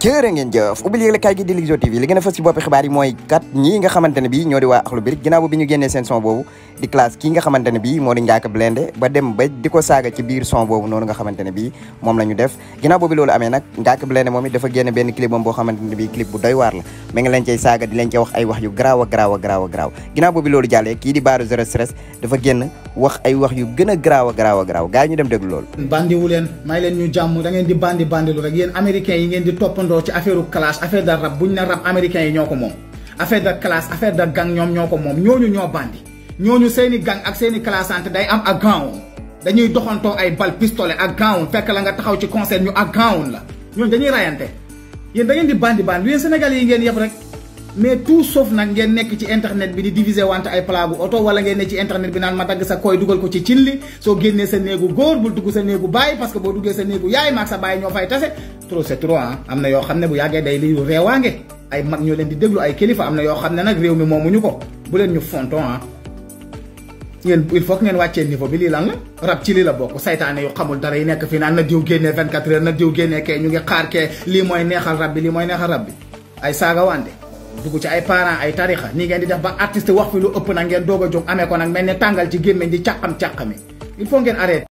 jërë ngeen jëf ubbil yëgle kaay gi di Ligzo TV li gën a fës ci boppi yi mooy kat ñii nga xamante ne ñoo di waa axlu birik ginnaaw bi ñu génnee seen son boobu loolu amee nag Ngaaka Blindé moom it dafa a garaaw kii di baaru zero stress dafa génn wax ay wax yu gën a garaaw a garaaw yi ñu dem déglu loolu bandiwu leen may leen ñu jàmm da di bandi bandilu rek yéen américains yi ngeen di toppandoo àndandoo ci affaire clash affaire de rab bu ñu ne rab américain yi ñoo ko moom affaire de classe affaire de gang ñoom ñoo ko moom ñooñu ñoo bandi ñooñu seen i gang ak seeni i classante day am ak ganwoon dañuy doxantoo ay bal pistolet ak ganwoon fekk la nga taxaw ci concert ñu ak ganwoon la ñooñu dañuy rayante yéen da ngeen di bandi bandi yéen Sénégal yi ngeen yëpp rek mais tout sauf nag ngeen nekk ci internet bi di diviser wante ay plagu oto wala ngeen ne ci internet bi naan ma dagg sa koy dugal ko ci cin li soo génnee sa néegu góor bul dugg sa néegu baay parce que boo duggee sa néegu yaay maag sa baay ñoo fay tase trop c'est trop am na yoo xam ne bu yàggee day liiru reewaange ay mag ñoo leen di déglu ay kilifa am na yoo xam ne nag réew mi moomuñu ko bu leen ñu fonton ah ngeen il faut que ngeen wàccee niveau bi lii lan la rab la bokk saytaane yu xamul dara yi nekk fii naan na diw génnee 24 heures na diw génnee kee ñu ngi xaar kee lii mooy mooy neexal rab bi ay saaga dugg ci ay parents ay tarixa nii ngeen di def ba artiste wax fi lu ëpp na ngeen doog a jóg amee ko nag mel ne tàngal ci gémmiñ di càqam-càqami il faut ngeen arrêté